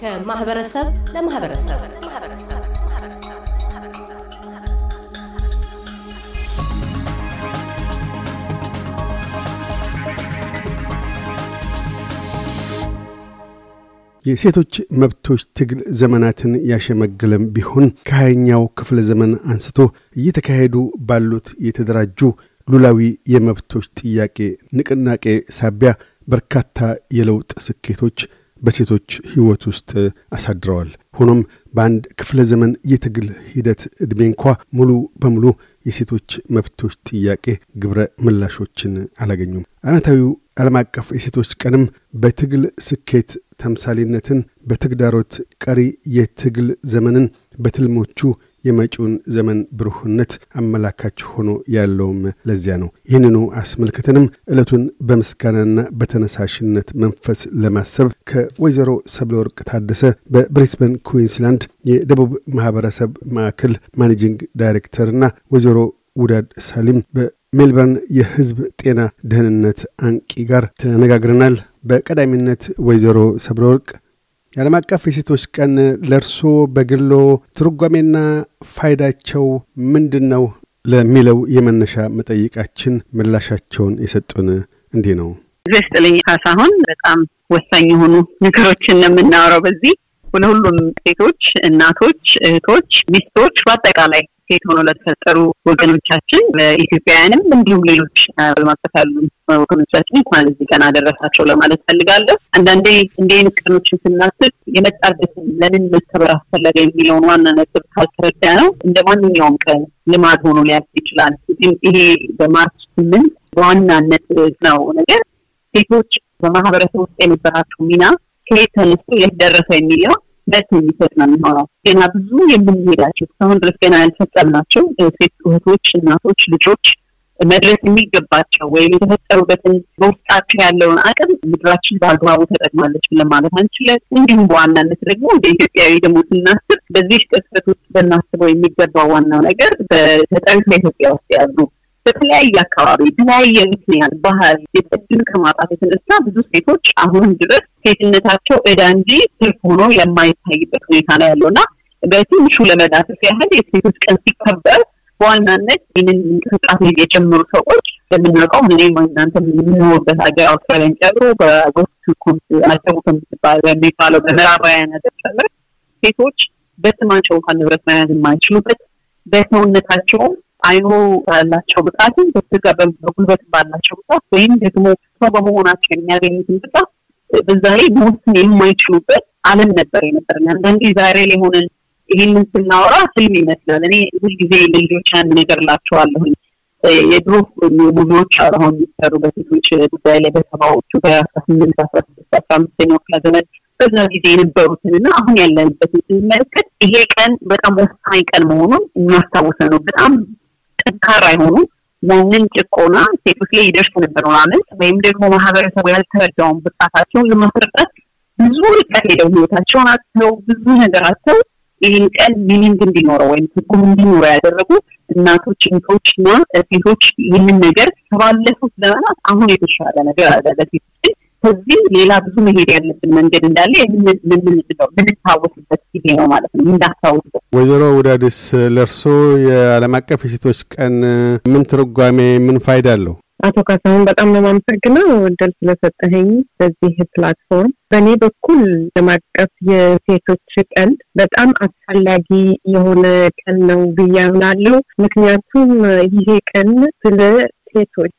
ከማህበረሰብ ለማህበረሰብ የሴቶች መብቶች ትግል ዘመናትን ያሸመግለም ቢሆን ከሀያኛው ክፍለ ዘመን አንስቶ እየተካሄዱ ባሉት የተደራጁ ሉላዊ የመብቶች ጥያቄ ንቅናቄ ሳቢያ በርካታ የለውጥ ስኬቶች በሴቶች ሕይወት ውስጥ አሳድረዋል። ሆኖም በአንድ ክፍለ ዘመን የትግል ሂደት ዕድሜ እንኳ ሙሉ በሙሉ የሴቶች መብቶች ጥያቄ ግብረ ምላሾችን አላገኙም። አነታዊው ዓለም አቀፍ የሴቶች ቀንም በትግል ስኬት ተምሳሌነትን፣ በተግዳሮት ቀሪ የትግል ዘመንን፣ በትልሞቹ የመጪውን ዘመን ብሩህነት አመላካች ሆኖ ያለውም ለዚያ ነው። ይህንኑ አስመልክተንም ዕለቱን በምስጋናና በተነሳሽነት መንፈስ ለማሰብ ከወይዘሮ ሰብለወርቅ ታደሰ በብሪስበን ኩዊንስላንድ የደቡብ ማህበረሰብ ማዕከል ማኔጂንግ ዳይሬክተርና ወይዘሮ ውዳድ ሳሊም ሜልበርን የህዝብ ጤና ደህንነት አንቂ ጋር ተነጋግረናል። በቀዳሚነት ወይዘሮ ሰብረ ወርቅ የዓለም አቀፍ የሴቶች ቀን ለእርሶ በግሎ ትርጓሜና ፋይዳቸው ምንድን ነው ለሚለው የመነሻ መጠይቃችን ምላሻቸውን የሰጡን እንዲህ ነው። እዚህ ስጥልኝ ካሳሁን፣ በጣም ወሳኝ የሆኑ ነገሮችን የምናወራው በዚህ ለሁሉም ሴቶች፣ እናቶች፣ እህቶች፣ ሚስቶች በአጠቃላይ ሴት ሆኖ ለተፈጠሩ ወገኖቻችን ለኢትዮጵያውያንም እንዲሁም ሌሎች ዓለም ወገኖቻችን እንኳን እዚህ ቀን አደረሳቸው ለማለት ፈልጋለሁ። አንዳንዴ እንዲህ አይነት ቀኖችን ስናስብ የመጣበትን ለምን መከበር አስፈለገ የሚለውን ዋና ነጥብ ካልተረዳ ነው እንደ ማንኛውም ቀን ልማድ ሆኖ ሊያልፍ ይችላል። ግን ይሄ በማርች ስምንት በዋናነት ነው ነገር ሴቶች በማህበረሰብ ውስጥ የነበራቸው ሚና ከየት ተነስቶ የት ደረሰ የሚለው በት የሚሰጥ ነው የሚሆነው። ገና ብዙ የምንሄዳቸው እስካሁን ድረስ ገና ያልፈጸምናቸው ሴት እህቶች፣ እናቶች፣ ልጆች መድረስ የሚገባቸው ወይም የተፈጠሩበትን በውስጣቸው ያለውን አቅም ምድራችን በአግባቡ ተጠቅማለች ብለን ማለት አንችለን። እንዲሁም በዋናነት ደግሞ እንደ ኢትዮጵያዊ ደግሞ ስናስብ በዚህ ቅጽበት ውስጥ ብናስበው የሚገባው ዋናው ነገር በተጠሪት ኢትዮጵያ ውስጥ ያሉ በተለያየ አካባቢ በተለያየ ምክንያት ባህል የጠድን ከማጣት የተነሳ ብዙ ሴቶች አሁን ድረስ ሴትነታቸው እዳ እንጂ ትርፍ ሆኖ የማይታይበት ሁኔታ ነው ያለው እና በትንሹ ለመዳሰስ ያህል የሴቶች ቀን ሲከበር በዋናነት ይህንን እንቅስቃሴ የጀመሩ ሰዎች የምናውቀው እኔም እናንተ የምንኖርበት ሀገር አውስትራሊያን ጨምሮ በአገስት ኮንት ከምትባል የሚባለው በምዕራባውያን ሀገር ጨምሮ ሴቶች በስማቸው እንኳን ንብረት መያዝ የማይችሉበት በሰውነታቸው አይኖ ባላቸው ብቃት በጉልበት ባላቸው ብቃት ወይም ደግሞ ሰው በመሆናቸው የሚያገኙትን ብቃት በዛ ላይ መወሰን የማይችሉበት አለም ነበር የነበርን። አንዳንዴ ዛሬ ላይ ሆነን ይህንን ስናወራ ህልም ይመስላል። እኔ ሁልጊዜ ልጆች አንድ ነገር ላቸዋለሁኝ። የድሮ ሙቪዎች አሁን የሚሰሩ በሴቶች ጉዳይ ላይ በሰባዎቹ በአስራ ስምንት አስራ ስድስት አስራ አምስተኛው ክፍለ ዘመን በዛ ጊዜ የነበሩትን እና አሁን ያለንበትን ስንመለከት ይሄ ቀን በጣም ወሳኝ ቀን መሆኑን የሚያስታውሰ ነው። በጣም ጠንካራ የሆኑ ያንን ጭቆና ሴቶች ላይ ይደርስ ነበር ማለት ወይም ደግሞ ማህበረሰቡ ያልተረዳውን ብቃታቸውን ለማስረዳት ብዙ ርቀት ሄደው ህይወታቸውን አጥተው ብዙ ነገር አጥተው ይህን ቀን ሚኒንግ እንዲኖረው ወይም ትርጉም እንዲኖረው ያደረጉ እናቶች፣ እንቶች እና ሴቶች ይህንን ነገር ከባለፉት ዘመናት አሁን የተሻለ ነገር አለ ለሴቶች ከዚህ ሌላ ብዙ መሄድ ያለብን መንገድ እንዳለ የምንልበት ጊዜ ነው ማለት ነው። እንዳስታውስበት ወይዘሮ ውዳድስ ለእርሶ የዓለም አቀፍ የሴቶች ቀን ምን ትርጓሜ፣ ምን ፋይዳ አለው? አቶ ካሳሁን በጣም ነው የማመሰግነው እድል ስለሰጠኸኝ በዚህ ፕላትፎርም። በእኔ በኩል ዓለም አቀፍ የሴቶች ቀን በጣም አስፈላጊ የሆነ ቀን ነው ብዬ አምናለሁ። ምክንያቱም ይሄ ቀን ስለ ሴቶች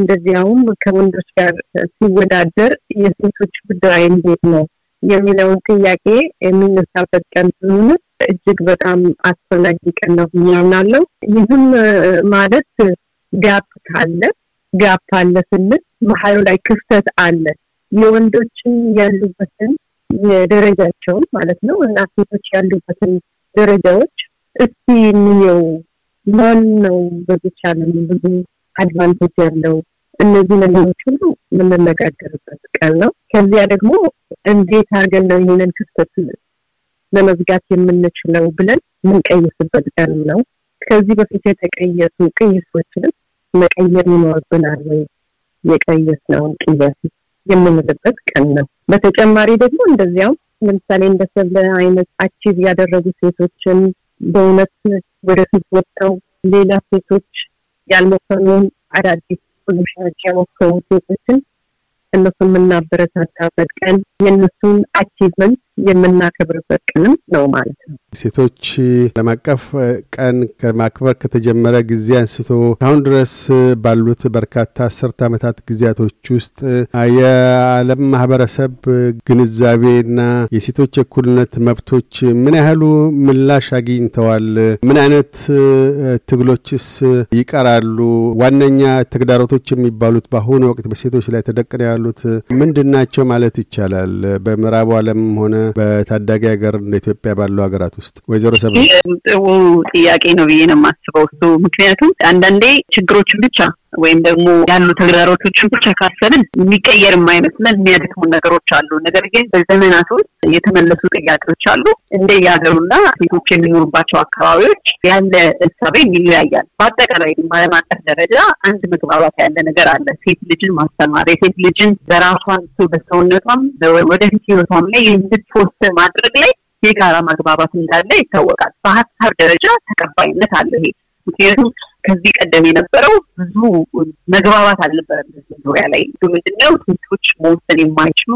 እንደዚያውም ከወንዶች ጋር ሲወዳደር የሴቶች ጉዳይ እንዴት ነው የሚለውን ጥያቄ የሚነሳበት ቀን ስለሆነ እጅግ በጣም አስፈላጊ ቀን ነው ብዬ ይህም ማለት ጋፕ ካለ ጋፕ አለ ስንል መሀሉ ላይ ክፍተት አለ የወንዶችን ያሉበትን የደረጃቸውን ማለት ነው እና ሴቶች ያሉበትን ደረጃዎች እስቲ እንየው። ማን ነው በተቻለ ብዙ አድቫንቴጅ ያለው እነዚህ ነገሮች ሁሉ የምንነጋገርበት ቀን ነው። ከዚያ ደግሞ እንዴት አድርገን ነው ይህንን ክፍተት ለመዝጋት የምንችለው ብለን የምንቀይስበት ቀን ነው። ከዚህ በፊት የተቀየሱ ቅይሶችንም መቀየር ይኖርብናል ወይ የቀየስነውን ቅያስ የምንልበት ቀን ነው። በተጨማሪ ደግሞ እንደዚያውም ለምሳሌ እንደ ሰብለ አይነት አቺቭ ያደረጉ ሴቶችን በእውነት ወደፊት ወጥተው ሌላ ሴቶች ያልሞከሩን አዳዲስ ሁሉም ሻዎች የሞከሩት እነሱ የምናበረታታበት ቀን የእነሱን አቺቭመንት የምናከብርበት ቀንም ነው ማለት ነው። ሴቶች ዓለም አቀፍ ቀን ከማክበር ከተጀመረ ጊዜ አንስቶ አሁን ድረስ ባሉት በርካታ አስርት ዓመታት ጊዜያቶች ውስጥ የዓለም ማህበረሰብ ግንዛቤና የሴቶች እኩልነት መብቶች ምን ያህሉ ምላሽ አግኝተዋል? ምን አይነት ትግሎችስ ይቀራሉ? ዋነኛ ተግዳሮቶች የሚባሉት በአሁኑ ወቅት በሴቶች ላይ ተደቅነው ያሉት ምንድን ናቸው ማለት ይቻላል? ይመስላል? በምዕራቡ ዓለም ሆነ በታዳጊ ሀገር እንደ ኢትዮጵያ ባሉ ሀገራት ውስጥ ወይዘሮ ሰብ ጥሩ ጥያቄ ነው ብዬ ነው የማስበው እሱ ምክንያቱም አንዳንዴ ችግሮችን ብቻ ወይም ደግሞ ያሉ ተግዳሮቶችን ብቻ ካሰብን የሚቀየር የማይመስለን የሚያደክሙ ነገሮች አሉ። ነገር ግን በዘመናት ውስጥ የተመለሱ ጥያቄዎች አሉ። እንደየሀገሩና ሴቶች የሚኖሩባቸው አካባቢዎች ያለ እሳቤ ይለያያል። በአጠቃላይ ግን በዓለም አቀፍ ደረጃ አንድ መግባባት ያለ ነገር አለ። ሴት ልጅን ማስተማር፣ የሴት ልጅን በራሷን በሰውነቷም ወደፊት ህይወቷም ላይ እንድትወስን ማድረግ ላይ የጋራ መግባባት እንዳለ ይታወቃል። በሀሳብ ደረጃ ተቀባይነት አለ ይሄ ምክንያቱም ከዚህ ቀደም የነበረው ብዙ መግባባት አልነበረም በዚህ ዙሪያ ላይ ምንድነው ሴቶች መወሰን የማይችሉ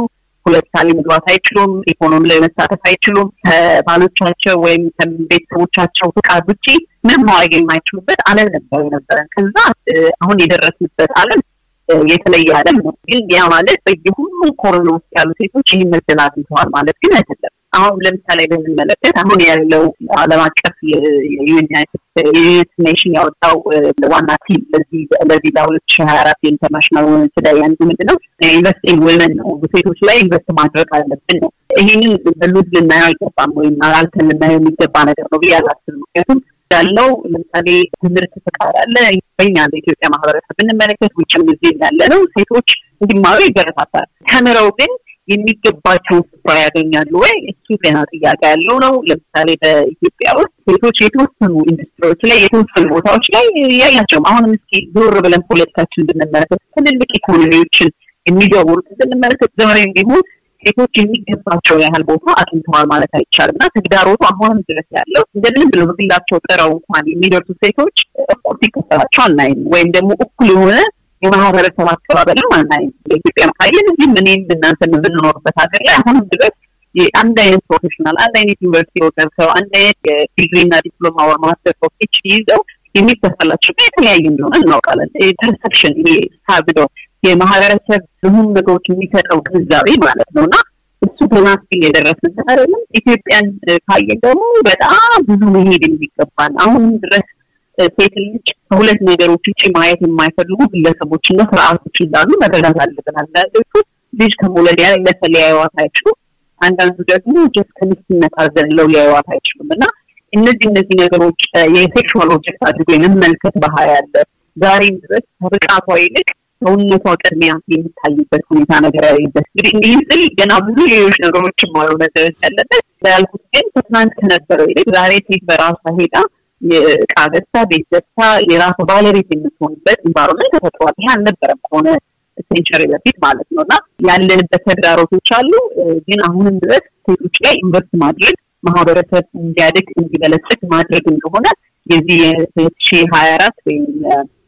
ፖለቲካ መግባት አይችሉም፣ ኢኮኖሚ ላይ መሳተፍ አይችሉም፣ ከባሎቻቸው ወይም ከቤተሰቦቻቸው ፍቃድ ውጭ ምን ማዋግ የማይችሉበት ዓለም ነበር የነበረን። ከዛ አሁን የደረስንበት ዓለም የተለየ ዓለም ነው። ግን ያ ማለት በየሁሉ ኮሮና ውስጥ ያሉ ሴቶች ይህን መደላት ይተዋል ማለት ግን አይደለም። አሁን ለምሳሌ በሚመለከት አሁን ያለው ዓለም አቀፍ የዩናይትድ ኔሽን ያወጣው ዋና ቲም ለዚህ ለዚህ ለሁለት ሺ ሀያ አራት የኢንተርናሽናል ወመንስ ዴይ አንዱ ምንድን ነው ኢንቨስት ኢን ወመን ነው። ሴቶች ላይ ኢንቨስት ማድረግ አለብን ነው። ይህንን በሉድ ልናየው አይገባም ወይም አላልተን ልናየው የሚገባ ነገር ነው ብዬ አላስብም። ምክንያቱም ያለው ለምሳሌ ትምህርት ፈቃድ አለ። በኛ በኢትዮጵያ ማህበረሰብ ብንመለከት ውጭም ጊዜ ያለ ነው ሴቶች እንዲማሩ ይበረታታል። ተምረው ግን የሚገባቸውን ስፍራ ያገኛሉ ወይ? እሱ ሌላ ጥያቄ ያለው ነው። ለምሳሌ በኢትዮጵያ ውስጥ ሴቶች የተወሰኑ ኢንዱስትሪዎች ላይ የተወሰኑ ቦታዎች ላይ ያያቸውም። አሁንም እስኪ ዞር ብለን ፖለቲካችን ብንመለከት ትልልቅ ኢኮኖሚዎችን የሚገቡሩት ብንመለከት ዘመናዊ ቢሆን ሴቶች የሚገባቸው ያህል ቦታ አግኝተዋል ማለት አይቻልም እና ተግዳሮቱ አሁንም ድረስ ያለው እንደምንም ብሎ በግላቸው ጥረው እንኳን የሚደርሱ ሴቶች እኩል ሲከፈላቸው አናይም ወይም ደግሞ እኩል የሆነ የማህበረሰብ አስተባበልም አናይም። በኢትዮጵያ ካየ እዚህም እኔም እናንተን የምንኖርበት ሀገር ላይ አሁንም ድረስ አንድ አይነት ፕሮፌሽናል አንድ አይነት ዩኒቨርሲቲ ሰው አንድ አይነት ዲግሪና ዲፕሎማ ወር ማስተር ኦፍ ፒኤችዲ ይዘው የሚከፈላቸው የተለያዩ እንደሆነ እናውቃለን። ፐርሰፕሽን ሳብዶ የማህበረሰብ ለሁሉ ነገሮች የሚሰጠው ግንዛቤ ማለት ነው እና እሱ ገና ስል የደረስንበት አይደለም። ኢትዮጵያን ካየ ደግሞ በጣም ብዙ መሄድ የሚገባል አሁንም ድረስ ሴትልጅ ከሁለት ነገሮች ውጭ ማየት የማይፈልጉ ግለሰቦች ግለሰቦችና ስርዓቶች እንዳሉ መረዳት አለብን። አንዳንዶቹ ልጅ ከመውለድ ያ ለተለያዩዋት አይችሉም። አንዳንዱ ደግሞ ጀስት ከሚስትነት አዘለው ሊያዩዋት አይችሉም እና እነዚህ እነዚህ ነገሮች የሴክሹዋል ኦብጀክት አድርጎ የመመልከት ባህሪ ያለ ዛሬም ድረስ ከብቃቷ ይልቅ ሰውነቷ ቅድሚያ የሚታይበት ሁኔታ ነገር ያለበት እንግዲህ እንዲህ ስል ገና ብዙ ሌሎች ነገሮችም አሉ መደረስ ያለበት ያልኩት ግን ከትናንት ከነበረው ይልቅ ዛሬ ሴት በራሷ ሄዳ እቃ ገዝታ ቤት ገዝታ የራሱ ባለቤት የምትሆንበት ኢንቫይሮመንት ተፈጥሯል። ይህ አልነበረም ከሆነ ሴንቸሪ በፊት ማለት ነው። እና ያለንበት ተግዳሮቶች አሉ። ግን አሁንም ድረስ ሴቶች ላይ ኢንቨስት ማድረግ ማህበረሰብ እንዲያድግ እንዲበለጽግ ማድረግ እንደሆነ የዚህ የሁለት ሺ ሀያ አራት ወይም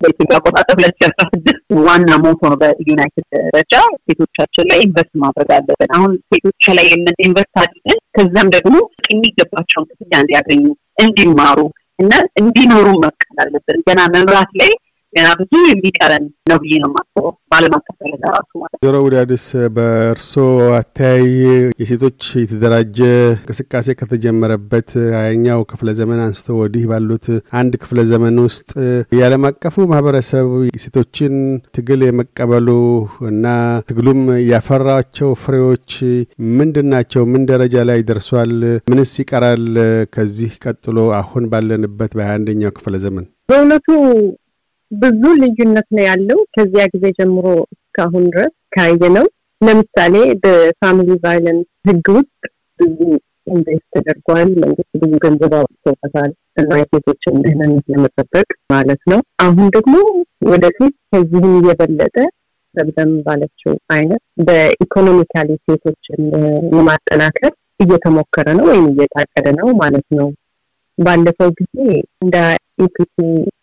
በኢትዮጵያ አቆጣጠር ሁለት ሺ አስራ ስድስት ዋና ሞቶ ነው። በዩናይትድ ደረጃ ሴቶቻችን ላይ ኢንቨስት ማድረግ አለብን። አሁን ሴቶች ላይ የምን ኢንቨስት አድርገን ከዚያም ደግሞ የሚገባቸውን ክፍያ እንዲያገኙ እንዲማሩ እና እንዲኖሩ መፍቀድ አለብን። ገና መምራት ላይ ገና ብዙ የሚቀረን ነው ብዬ ነው የማስበው በአለም አቀፍ ደረጃ ራሱ ማለት። ዞሮ ውዳድስ በእርሶ አተያይ የሴቶች የተደራጀ እንቅስቃሴ ከተጀመረበት ሀያኛው ክፍለ ዘመን አንስቶ ወዲህ ባሉት አንድ ክፍለ ዘመን ውስጥ የዓለም አቀፉ ማህበረሰብ የሴቶችን ትግል የመቀበሉ እና ትግሉም ያፈራቸው ፍሬዎች ምንድን ናቸው? ምን ደረጃ ላይ ደርሷል? ምንስ ይቀራል? ከዚህ ቀጥሎ አሁን ባለንበት በሀያ አንደኛው ክፍለ ዘመን በእውነቱ ብዙ ልዩነት ነው ያለው ከዚያ ጊዜ ጀምሮ እስካሁን ድረስ ካየ ነው። ለምሳሌ በፋሚሊ ቫይለንስ ህግ ውስጥ ብዙ ኢንቨስት ተደርጓል። መንግስት ብዙ ገንዘብ አውጥቶበታል እና የሴቶችን ደህንነት ለመጠበቅ ማለት ነው። አሁን ደግሞ ወደፊት ከዚህም እየበለጠ ሰብለም ባለችው አይነት በኢኮኖሚካሊ ሴቶችን ለማጠናከር እየተሞከረ ነው ወይም እየታቀደ ነው ማለት ነው። ባለፈው ጊዜ እንደ ኢኩቲ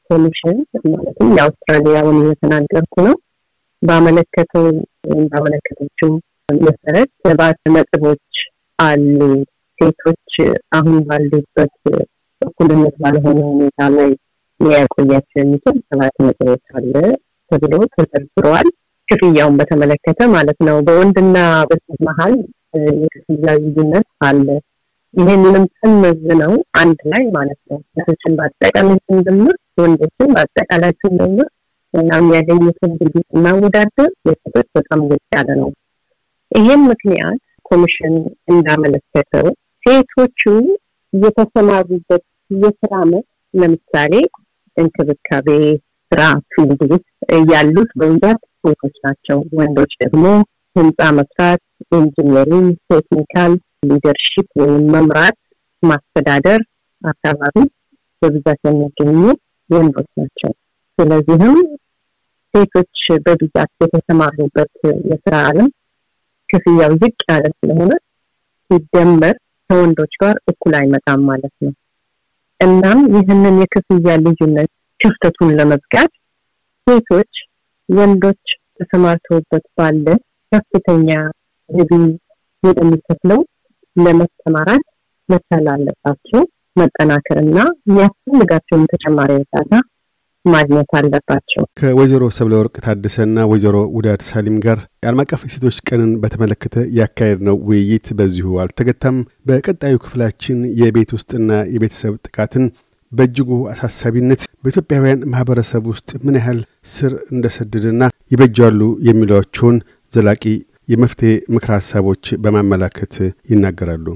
ኮሚሽን ማለትም የአውስትራሊያውን እየተናገርኩ ነው ባመለከተው ወይም ባመለከተችው መሰረት ሰባት ነጥቦች አሉ። ሴቶች አሁን ባሉበት እኩልነት ባልሆነ ሁኔታ ላይ ሊያቆያቸው የሚችል ሰባት ነጥቦች አለ ተብሎ ተዘርዝሯል። ክፍያውን በተመለከተ ማለት ነው። በወንድና በሴት መሀል የክፍያ ልዩነት አለ። ይህንንም ነው አንድ ላይ ማለት ነው ሴቶችን በአጠቃላይ ድምር ወንዶችም በአጠቃላይ ስንለኛ እና የሚያገኙትን ብዙ እናወዳደር የሴቶች በጣም ዝቅ ያለ ነው። ይህም ምክንያት ኮሚሽን እንዳመለከተው ሴቶቹ የተሰማሩበት የስራ መስክ ለምሳሌ እንክብካቤ ስራ ፊልድ ውስጥ ያሉት በብዛት ሴቶች ናቸው። ወንዶች ደግሞ ህንፃ መስራት፣ ኢንጂነሪንግ፣ ቴክኒካል፣ ሊደርሺፕ ወይም መምራት፣ ማስተዳደር አካባቢ በብዛት የሚገኙ ወንዶች ናቸው። ስለዚህም ሴቶች በብዛት የተሰማሩበት የስራ አለም ክፍያው ዝቅ ያለ ስለሆነ ሲደመር ከወንዶች ጋር እኩል አይመጣም ማለት ነው። እናም ይህንን የክፍያ ልዩነት ክፍተቱን ለመዝጋት ሴቶች ወንዶች ተሰማርተውበት ባለ ከፍተኛ ግቢ የሚከፍለው ለመሰማራት መቻል አለባቸው። መጠናከር እና የሚያስፈልጋቸውን ተጨማሪ እርዳታ ማግኘት አለባቸው። ከወይዘሮ ሰብለወርቅ ታደሰና ወይዘሮ ውዳድ ሳሊም ጋር የዓለም አቀፍ የሴቶች ቀንን በተመለከተ ያካሄድ ነው ውይይት በዚሁ አልተገታም። በቀጣዩ ክፍላችን የቤት ውስጥና የቤተሰብ ጥቃትን በእጅጉ አሳሳቢነት በኢትዮጵያውያን ማህበረሰብ ውስጥ ምን ያህል ስር እንደሰደደና ይበጃሉ የሚሏቸውን ዘላቂ የመፍትሄ ምክረ ሀሳቦች በማመላከት ይናገራሉ።